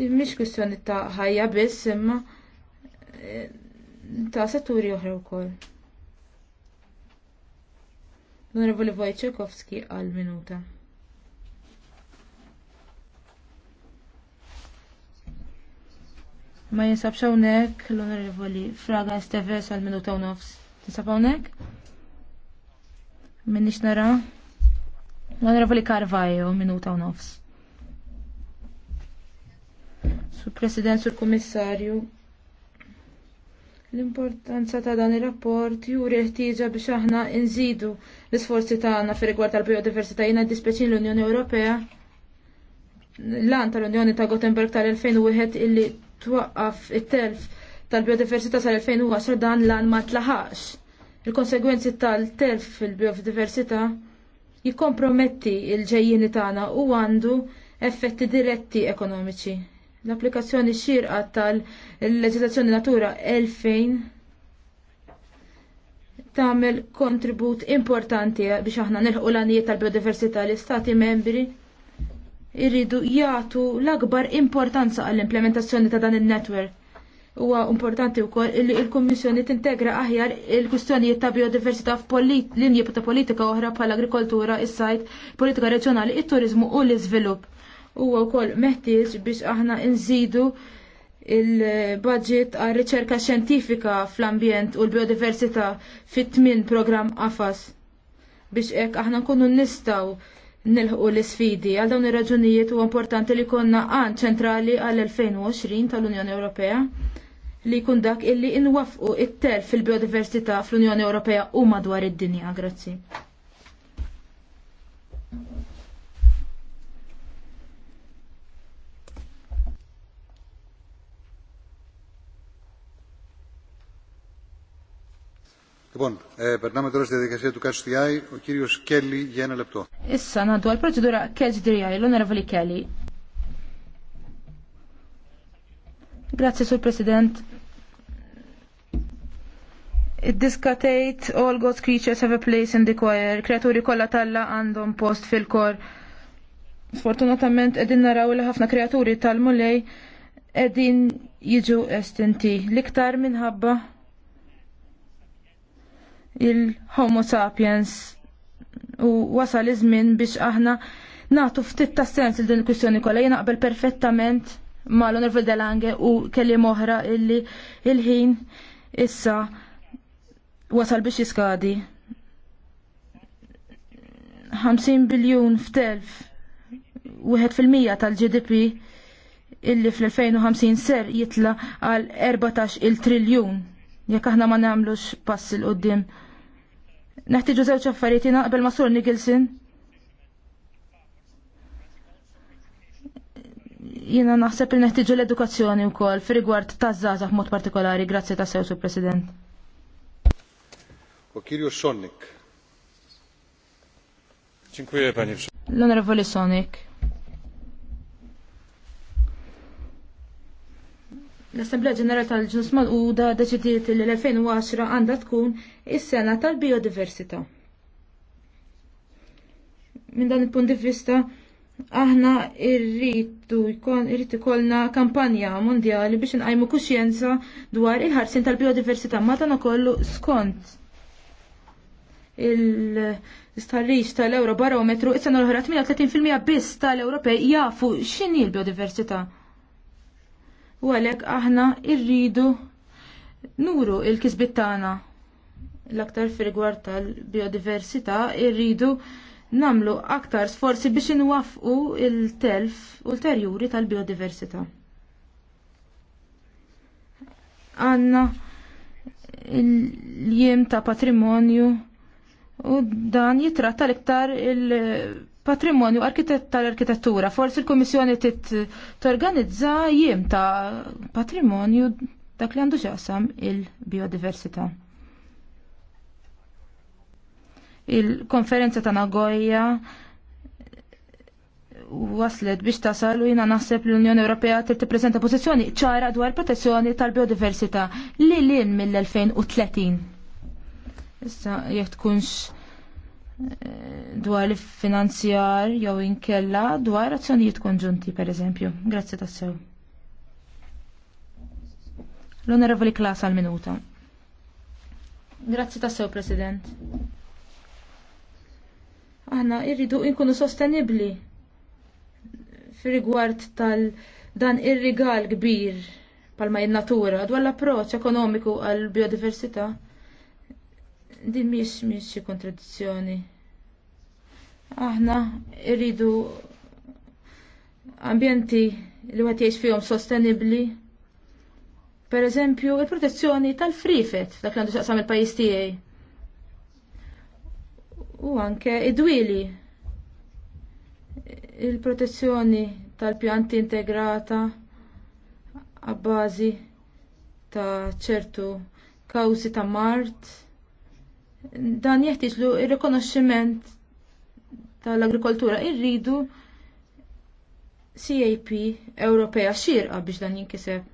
Mhix kwistjoni ta' ħajja biss imma e, ta' setturi oħra wkoll. L-Onorevoli Wojciechowski għal minuta. Ma jinsabx hawnhekk l-Onorevoli Fraga Steves għal minuta ta' nofs. Tinsab hawnhekk? Minnix nara? L-Onorevoli Carvajo minuta ta' nofs. Sur President, Sur Kommissarju. L-importanza ta' dan ir-rapport juri ħtieġa biex aħna nżidu l-isforzi tagħna fi rigward tal-biodiversità jiena dispeċin l-Unjoni Ewropea. l għan tal-Unjoni ta' Gothenburg tal-2001 illi twaqqaf it-telf tal-biodiversità sal-2010 dan lan ma tlaħax. Il-konsegwenzi tal-telf fil-biodiversità jikkomprometti il-ġejjini tagħna u għandu effetti diretti ekonomiċi. L-applikazzjoni xirqa tal-leġislazzjoni Natura 2000 tagħmel kontribut importanti biex aħna nilħu l-għanijiet tal-biodiversità l-istati membri irridu jagħtu l-akbar importanza għall-implementazzjoni ta' dan il-netwerk. Huwa importanti wkoll li l-Kummissjoni tintegra aħjar il-kwistjonijiet ta' biodiversità f'linji ta' politika oħra bħal agrikoltura, is-sajt, politika reġjonali, it-turizmu u l-iżvilupp. Huwa wkoll meħtieġ biex aħna nżidu il-budget għal riċerka xjentifika fl-ambjent u l-biodiversità fit-tmin programm AFAS biex hekk aħna nkunu nistgħu nilħu l-sfidi. Għal dawn ir-raġunijiet huwa importanti li konna għan ċentrali għal 2020 tal-Unjoni Ewropea li jkun dak illi inwafqu it-telf fil-biodiversità fl-Unjoni Ewropea u madwar id-dinja. Grazzi. Λοιπόν, ε, περνάμε τώρα στη διαδικασία του Κατσουδιάη. Ο κύριος Κέλλη για ένα λεπτό. Issa, να δω, προτεδούρα l'onorevole Kelly. Grazie, Sur President. Id-diskatejt all God's creatures have a place in the choir. Kreaturi kollha talla għandhom post fil-kor. Sfortunatament qegħdin naraw li ħafna kreaturi tal-mulej qegħdin jiġu estinti. L-iktar minħabba il-Homo sapiens u wasal iż-żmien biex aħna nagħtu ftit ta' sens il din il-kwistjoni kollha jina naqbel perfettament ma' l-Onorevoli Delange u kelli moħra illi il-ħin issa wasal biex jiskadi. 50 biljun f'telf wieħed fil-mija tal-GDP illi fl-2050 ser jitla għal 14 il-triljun jekk aħna ma nagħmlux passi l qudiem Neħtiġu żewġ affarijiet naqbel ma' Sur Nicholson. Jiena naħseb li neħtiġu l-edukazzjoni wkoll fi rigward taż-żgħażagħ mod partikolari, grazzi ta' sew President. U Sonnik. Dziękuję panie. L'onorevole Sonik. L-Assemblea Ġenerali tal-Ġnus Mal-Uda deċidiet li l-2010 għandha tkun is-sena tal-biodiversità. Minn dan il-punt di vista, aħna irritu jkun irrid ikollna kampanja mondjali biex nqajmu kuxjenza dwar il-ħarsin tal-biodiversità matana kollu skont il-istarriċ tal-Euro barometru, is-sena l-ħra 38% biss tal-Ewropej jafu x'inhi l-biodiversità. U għalhekk aħna rridu nuru il-kisbit tagħna l-aktar fil tal-biodiversità irridu namlu aktar sforzi biex inwaffqu il-telf ulterjuri tal-biodiversità. Għanna l-jiem ta' patrimonju u dan jitratta l-iktar il- patrimonju tal-arkitettura. Forsi l-Komissjoni t-organizza jiem ta' patrimonju dak li għandu xaqsam il-biodiversità. Il-konferenza ta' Nagoya waslet biex tasal u jina naħseb l-Unjoni Ewropea trid tippreżenta pożizzjoni ċara dwar protezzjoni tal-biodiversità li l-in mill-2030. Issa jekk tkunx dwar il finanzjar jew inkella dwar azzjonijiet konġunti pereżempju. Grazzi sew. L-Onorevoli Klas għal minuta. Grazzi ta' sew President. Aħna irridu nkunu sostenibli fir-rigward tal- dan ir-rigal kbir palma in-natura dwar l-approċċ ekonomiku għall biodiversità Din mis mis xi kontradizzjoni. Aħna rridu ambjenti li għat jiex fihom sostenibli. Per eżempju, il-protezzjoni tal-frifet dak li għandu xaqsam il-pajis tiegħi. U anke id-dwili. Il-protezzjoni tal-pjanti integrata għabbażi ta' ċertu kawzi ta' mart. Dan jeħtieġlu ir-rikonoxximent tal-agrikoltura irridu CAP Ewropea xirqa biex dan jinkiseb.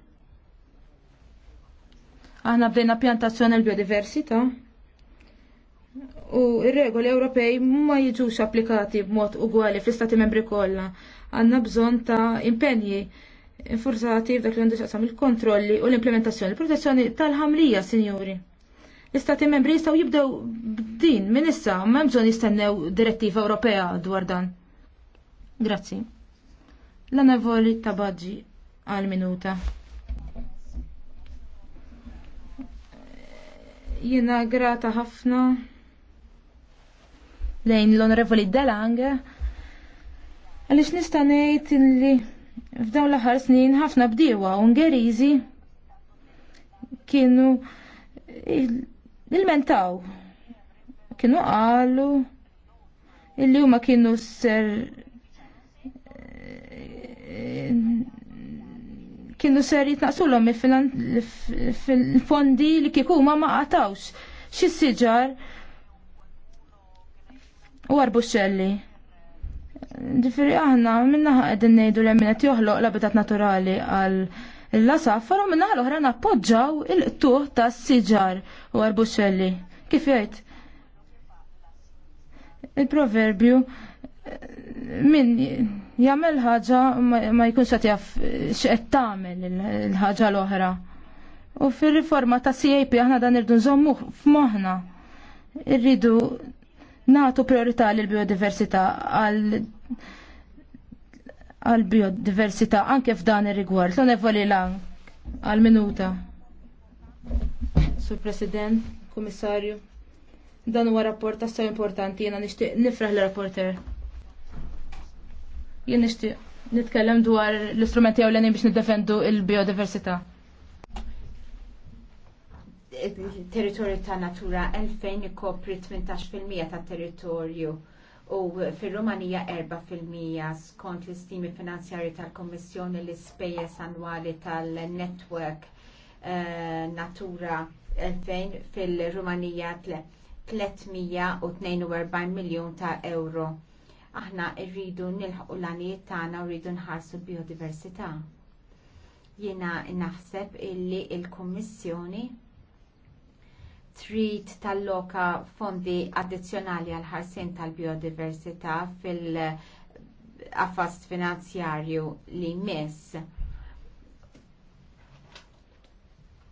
Aħna bdejna pjantazzjoni l-biodiversità u ir-regoli Ewropej ma jiġux applikati b'mod ugwali fl-istati membri kollha. Għandna bżonn ta' impenji infurzati f'dak li għandu xaqsam il-kontrolli u l-implementazzjoni, protezzjoni tal-ħamrija, sinjuri. L-istati membri jistgħu jibdew b'din minn issa ma bżonn jistennew direttiva Ewropea dwar dan. Grazzi. L-anevoli tabaġġi għal minuta. Jiena grata ħafna lejn l-onorevoli Delang għalix nista' ngħid f'dawn l-aħħar snin ħafna bdiewa Ungeriżi kienu Nil-mentaw kienu qalu illi huma kienu ser kienu ser jitnaqsulhom fil-fondi li kieku huma ma qatawx xi siġar u xelli. Ġifiri aħna minna qegħdin ngħidu li qed joħloq l-abitat naturali għal Il-lasaf u minna l-oħra nappoġġaw il-tuħ ta' siġar u arbuxelli. Kif jgħid? Il-proverbju min jagħmel ħaġa ma jkunx qed jaf x'qed tagħmel il-ħaġa l-oħra. U fir-riforma ta' CAP aħna dan irdu nżommu f'moħħna. Irridu nagħtu priorità lill biodiversità għal għal biodiversità anke f'dan ir-rigward. L-onevoli lang għal minuta. Sur President, Kummissarju, dan huwa rapport tassew importanti jiena nixtieq nifraħ l-rapporter. Jien nixtieq nitkellem dwar l-istrumenti ewlenin biex niddefendu il-biodiversità. Territorju ta' natura 2000 ikopri 18% tat territorju u fir-Rumanija 4% skont l-istimi finanzjari tal-Kommissjoni l-ispejjeż annwali tal-network uh, Natura 2000 fil-Rumanija 342 miljon ta' euro. Aħna rridu nilħu l-għaniet tagħna u rridu nħarsu l-biodiversità. Jiena naħseb illi il-Kummissjoni il il kummissjoni trid talloka fondi addizzjonali għal ħarsien tal-biodiversità fil-affast finanzjarju li jmiss.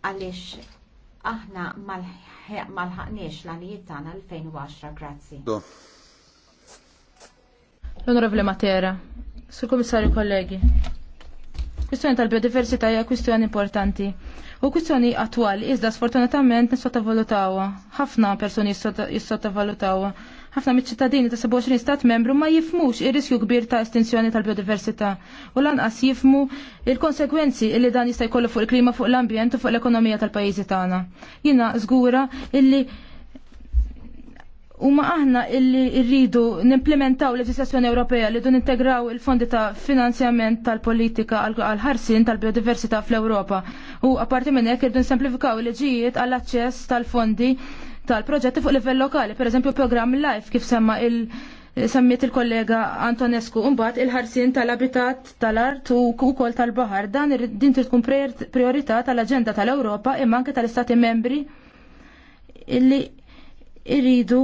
Għalix aħna mal-ħaqniex l-għanijiet tagħna 2010, grazzi. L-Onorevole Matera, Sur Komissarju kollegi, Kwistjoni tal-biodiversità hija kwistjoni importanti. U kwistjoni attwali iżda sfortunatament nissottavalutawha. Ħafna persuni jissottavalutawha. Ħafna miċ-ċittadini ta' 27 stat membru ma jifmux ir-riskju kbir ta' estinzjoni tal-biodiversità u lanqas jifmu il-konsekwenzi li dan jista' jkollu fuq il-klima, fuq l-ambjent u fuq l-ekonomija tal-pajjiżi tagħna. Jiena żgura illi U ma aħna illi rridu nimplementaw leġislazzjoni Ewropea li dun integraw il-fondi ta' finanzjament tal-politika għal-ħarsin tal-biodiversità fl-Ewropa. U apparti minn hekk irridu nsemplifikaw il-ġijiet għall-aċċess tal-fondi tal-proġetti fuq livell lokali, per eżempju programm Life kif semma il- semmiet il-kollega Antonescu umbat il-ħarsin tal-abitat tal-art u kukol tal-bahar dan din tkun priorità tal-agenda tal-Europa imma anke tal-Istati membri illi iridu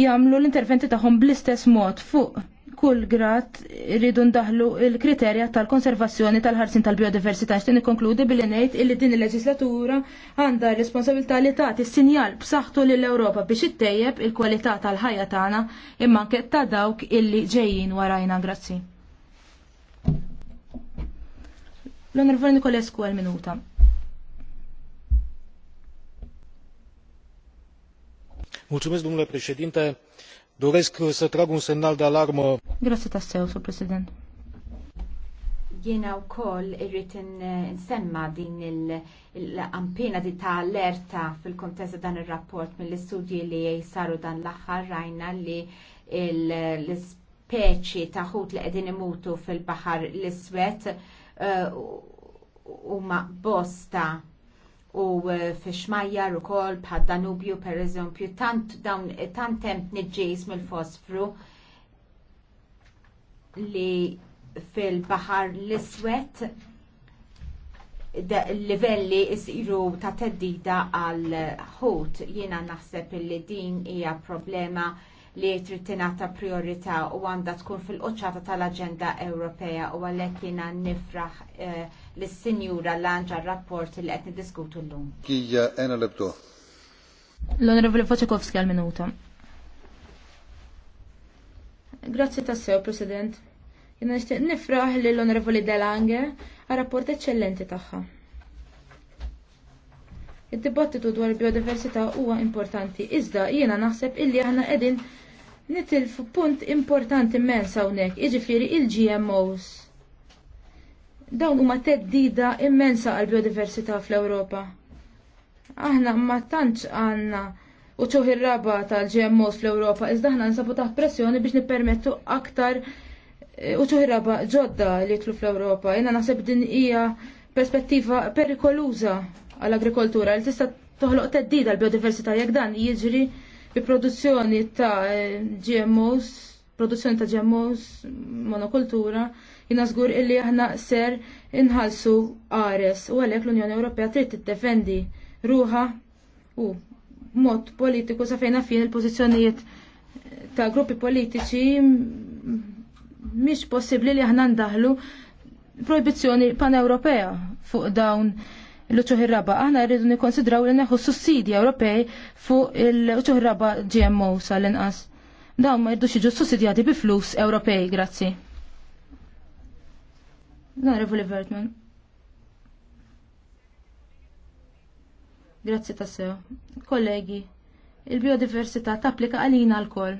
jagħmlu l-interventi tagħhom bl-istess mod fuq kull grad iridu ndaħlu il-kriterja tal-konservazzjoni tal-ħarsin tal-biodiversità. Xtin nikkonkludi billi ngħid illi din il-leġislatura għandha responsabilità li tagħti sinjal b'saħħtu lill ewropa biex ittejjeb il-kwalità tal-ħajja tagħna imma anke ta' dawk illi ġejjin warajna. Grazzi. L-Onorevoli Nikolesku għal-minuta. doresc să trag un semnal de alarmă. Grazie tassew, Sur President. Jiena wkoll irrid nsemma din il-ampina di ta' allerta fil-kontest dan ir rapport mill-istudji li saru dan l aħħar rajna li l-speċi ta' ħut li qegħdin imutu fil baħar l-iswet eh, huma bosta u eh, fixmajjar u kol bħad Danubju per eżempju tant dawn tant temp nidġis mill-fosfru li fil-bahar l-iswet livelli jisiru ta' teddida għal ħut jiena naħseb li din hija problema li trid tingħata priorità u għandha tkun fil-qoċċata tal-Aġenda Ewropea u għalhekk jiena nifraħ eh, l-Sinjura Lanġa rapport li qed niddiskutu llum. Kija ena lebtu. L-Onorevoli Foċekovski għal-minuta. Grazzi tassew, President. Jena nishtiq nifraħ li l-Onorevoli Delange għal rapport eccellenti tagħha. Id-dibattitu dwar biodiversità huwa importanti, iżda jiena naħseb illi aħna qegħdin nitilfu punt importanti mensa hawnhekk, jiġifieri il-GMOs Dawn huma teddida immensa għal biodiversità fl-Ewropa. Aħna ma tantx għandna u ċoħi raba tal-GMOs fl-Ewropa, iżda aħna nsabu taħt pressjoni biex nippermettu aktar eh, u ċoħi raba ġodda li jitlu fl-Ewropa. Jena naħseb din hija perspettiva perikoluża għall-agrikoltura li tista' toħloq teddida l-biodiversità jekk dan jiġri bi produzzjoni ta' eh, GMOs, produzzjoni ta' GMOs, monokultura, Jina żgur illi aħna ser inħalsu ares u għalhekk l-Unjoni Ewropea trid tiddefendi ruha u mod politiku sa fejna fin il-pożizzjonijiet ta' gruppi politiċi mhix possibbli li aħna ndaħlu proibizzjoni pan-Ewropea fuq dawn l rraba. Aħna rridu nikkonsidraw li neħu sussidji Ewropej fuq l rraba GMO sal-inqas. Dawn ma jirdux jiġu sussidjati bi flus Ewropej, grazzi. Narrivu li Vertman. Grazzi sew. Kollegi, il-biodiversità tapplika għalina l-koll.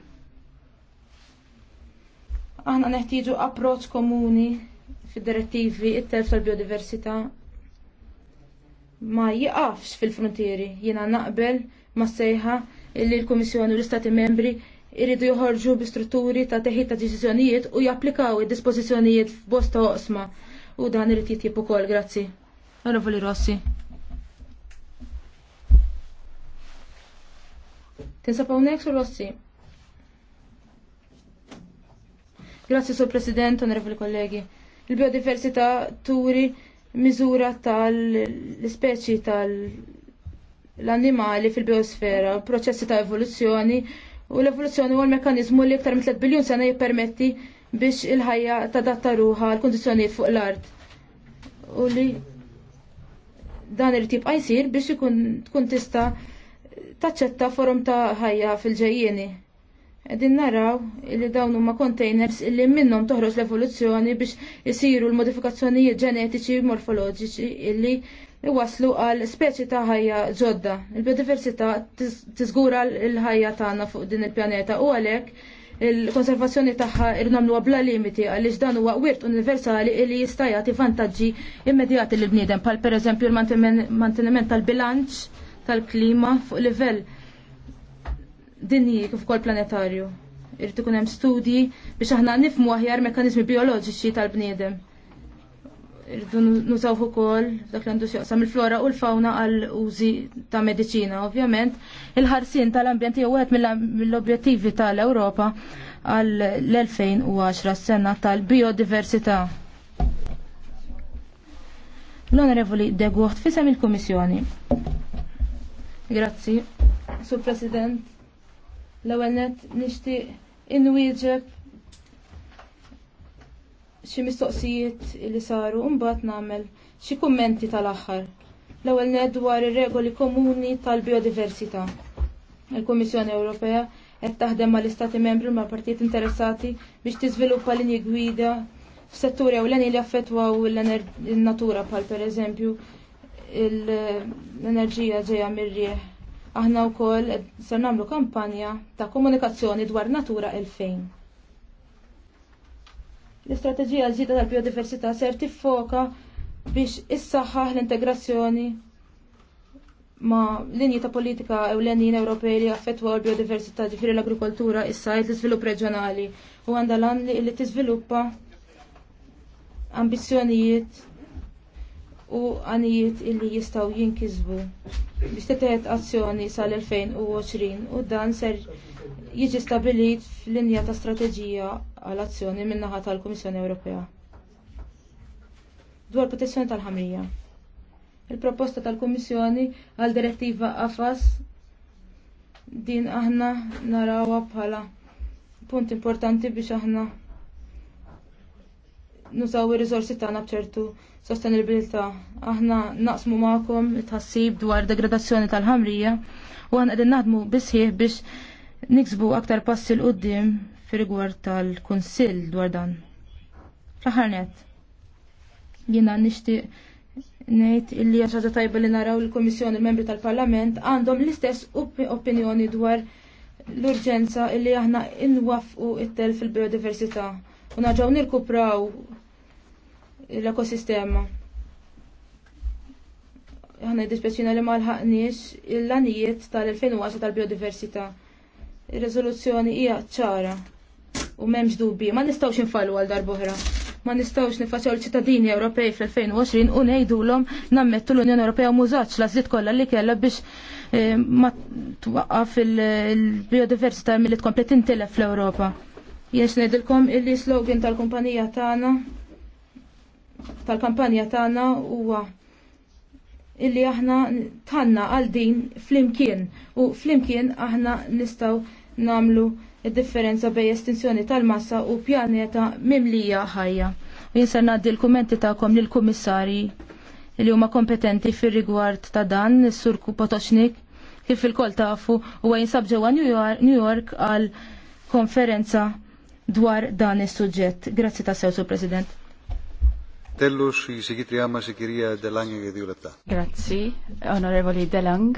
Aħna neħtieġu approċ komuni fid-direttivi it-telf tal-biodiversità ma jiqafx fil-frontieri. Jiena naqbel ma sejħa illi l-Komissjoni u l-Istati membri Iridu joħorġu bi strutturi ta' teħid ta' deċiżjonijiet u japplikaw id-dispożizzjonijiet f'bosta oqsma u dan irid jitjib ukoll, grazzi. Onorevoli Rossi. Tinsab hawnhekk sur Rossi. Grazzi sur President, onorevoli kollegi. Il-biodiversità turi miżura tal-speċi tal-animali fil-biosfera, proċessi ta' evoluzzjoni U l-evoluzzjoni u l-mekanizmu li iktar minn 3 biljun sena jippermetti biex il-ħajja tadatta ruħa l-kondizjonijiet fuq l-art. U li dan ir tip jsir biex ikun tkun tista' taċċetta forum ta' ħajja fil-ġejjieni. Għedin naraw li dawn huma containers illi minnhom toħroġ l-evoluzzjoni biex isiru l-modifikazzjonijiet ġenetiċi morfoloġiċi illi iwaslu għal speċi ta' ħajja ġodda. Il-biodiversità tiżgura l-ħajja tagħna fuq din il-pjaneta u għalhekk il-konservazzjoni tagħha irnamlu bla limiti għaliex dan huwa wirt universali li jista' jagħti vantaġġi immedjati lil bniedem bħal pereżempju l-manteniment tal-bilanċ tal-klima fuq livell dinji kif ukoll planetarju. Irid ikun hemm studji biex aħna nifmu aħjar mekkaniżmi bioloġiċi tal-bniedem irridu nużawh ukoll dak li għandu joqsam il-flora u l-fawna għal użi ta' mediċina. Ovvjament, il-ħarsien tal-ambjent hija wieħed mill-objettivi tal-Ewropa għal l-2010 s-sena tal-biodiversità. L-Onorevoli Degwaħt fisem il-Komissjoni. Grazzi, Sur President. L-ewwel nishti nixtieq inwieġeb xi mistoqsijiet li saru mbagħad nagħmel xi kummenti tal-aħħar. L-ewwel ned dwar ir-regoli komuni tal-biodiversità. Il-Kummissjoni Ewropea qed taħdem mal-Istati Membri mal partijiet interessati biex tiżviluppa linji gwida f'setturi ewleni li affettwaw l-natura bħal pereżempju l-enerġija ġejja mir-rieħ. Aħna wkoll ser nagħmlu kampanja ta' komunikazzjoni dwar Natura 2000. L-istrateġija ġita tal-biodiversità ser tiffoka biex issaħħaħ l-integrazzjoni ma linji ta' politika ewlenin Ewropej li affettwa l-biodiversità ġifiri l-agrikoltura, is-sajt, l-iżvilupp reġjonali u l-għan li, li tiżviluppa ambizzjonijiet u għanijiet illi jistaw jinkizbu biex t-teħet azzjoni sal-2020 u dan ser jiġi stabilit fl-linja ta' strateġija għal-azzjoni min-naħa tal-Kummissjoni Ewropea. Dwar protezzjoni tal-ħamrija. Il-proposta tal-Kummissjoni għal direttiva AFAS din aħna narawha bħala punt importanti biex aħna nużaw ir-riżorsi tagħna b'ċertu sostenibilità. Aħna naqsmu magħkom tħassib dwar degradazzjoni tal-ħamrija u għan qegħdin naħdmu bisħieħ biex niksbu aktar passi l qudiem fir-rigward tal-Kunsill dwar dan. Fl-aħħar net, jiena nixtieq ngħid illi hija tajba li naraw il-Kummissjoni membri tal-Parlament għandhom l-istess opinjoni dwar l-urġenza illi aħna inwafqu it-tel fil-biodiversità u naġaw nirkupraw l-ekosistema. Aħna dispeċina li malħaqniex il-lanijiet tal-2010 tal-biodiversità. Ir-riżoluzzjoni hija ċara u memx dubi, ma nistawx infallu għal darbohra. Ma nistawx nifasaw l-ċittadini Ewropej fl-2020 u ngħidulhom nammettu l-Unjoni Ewropej mużax l-azlit kollha li kellha biex eh, ma twaqqaf il biodiversita milli tkompli tintilef fl-Ewropa. Jiex ngħidilkom illi slogan tal-kumpanija tagħna tal-kampanja tagħna huwa illi aħna tanna għal din flimkien u flimkien aħna nistgħu namlu il differenza bej estinzjoni tal-massa u pjaneta mimlija ħajja. Jinsar naddi l-kommenti ta'kom lill-kummissari li huma kompetenti fir-rigward ta' dan is-sur Potoċnik kif il-kol tafu u jinsab ġewwa New York għal konferenza dwar dan is-suġġett. Grazzi ta' sew, Sur President. Tellux jisigitri għamma sikirija Delang e għedju l-ta. Grazzi, Onorevoli Delang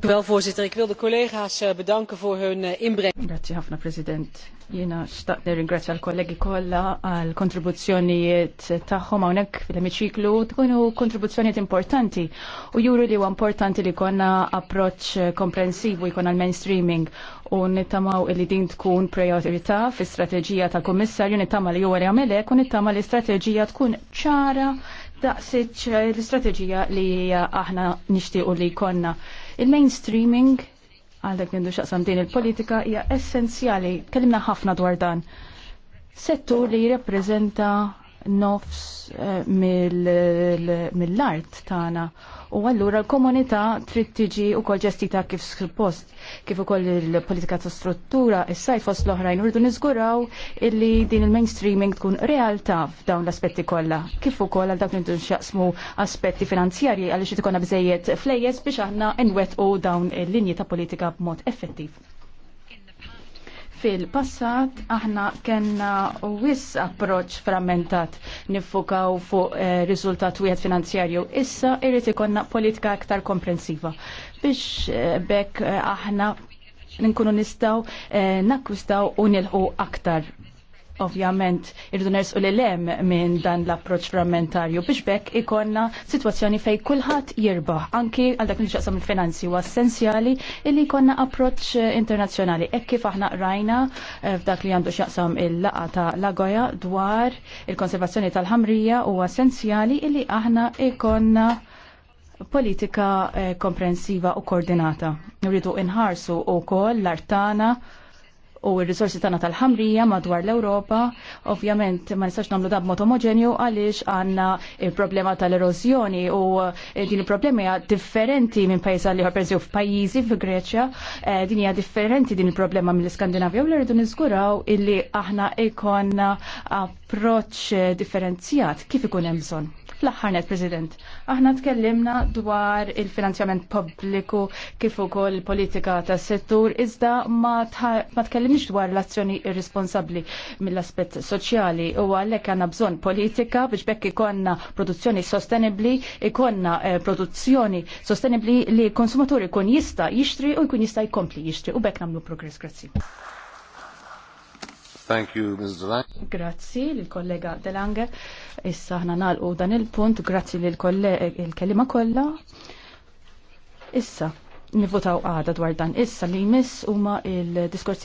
voorzitter, ik wil de collega's eh, bedanken voor hun eh, inbreng. Grazie, ħafna, president. Jena xtaq nirringrazzja l-kollegi kollha għal kontribuzzjonijiet tagħhom hawnhekk fil-emiċiklu tkunu kontribuzzjonijiet importanti u juru li huwa importanti li konna approċċ komprensiv u jkun mainstreaming u nittamaw li din tkun priorità fis-strateġija tal-Kummissarju nittama li huwa jagħmelek u nittama li strateġija tkun ċara daqsitx l-istrateġija li aħna nixtiequ li konna Il-mainstreaming għal dak nindu xaqsam din il-politika hija essenzjali, kellimna ħafna dwar dan. Settur li jirrappreżenta nofs eh, mill-art tagħna u allura l-komunità trid tiġi wkoll ġestita kif suppost kif ukoll il-politika ta' struttura is-sajt fost l-oħrajn urdu niżguraw illi din il-mainstreaming tkun realtà f'dawn l-aspetti kollha kif ukoll għal dawk li xaqsmu aspetti finanzjarji għaliex ikonna bżejjed flejjes biex aħna nwettqu dawn il-linji ta' politika b'mod effettiv. Fil-passat aħna kena wiss approċ frammentat nifukaw fuq rizultat eh, riżultat wieħed finanzjarju. Issa irrit ikonna politika aktar komprensiva biex eh, bekk eh, aħna nkunu nistaw eh, nakkwistaw u nilħu aktar Ovvjament, irridu nersu li lem minn dan l-approċ frammentarju biex bekk ikonna situazzjoni fej kulħadd jirbaħ. Anki għal dak nixaqsam il-finanzi u essenzjali illi jkollna approċ internazzjonali. Ek kif aħna rajna eh, f'dak li għandu xaqsam il-laqa ta' Lagoja dwar il-konservazzjoni tal-ħamrija u essenzjali illi aħna ikonna politika eh, komprensiva u koordinata. Rridu inħarsu u kol l-artana u r-risorsi tagħna tal-ħamrija madwar l-Ewropa, ovvjament ma nistax nagħmlu da b'mod omogenju għaliex għandna il-problema tal-erożjoni u eh, din il-problema hija differenti minn pajjiż għal ieħor pereżew f'pajjiżi f'Greċja, eh, din hija differenti din il-problema mill-Iskandinavja u l-irridu niżguraw illi aħna ikonna approċċ differenzjat kif ikun hemm bżonn. Fl-aħħar net, President, aħna tkellimna dwar il-finanzjament pubbliku kif ukoll politika tas settur iżda ma, tkellimniex dwar l-azzjoni irresponsabbli mill-aspett soċjali u għalhekk għandna bżonn politika biex bekk ikonna produzzjoni sostenibbli, ikonna eh, produzzjoni sostenibbli li konsumaturi ikun jista' jixtri u jkun jista' jkompli jixtri u bekk nagħmlu progress. Grazzi. Thank you, Ms. Delange. Grazzi l-kollega Delange. Issa ħna nalqu dan il-punt, grazzi l-kellima kollha. Issa, nivotaw għada dwar dan. Issa li jmiss huma il-diskorsi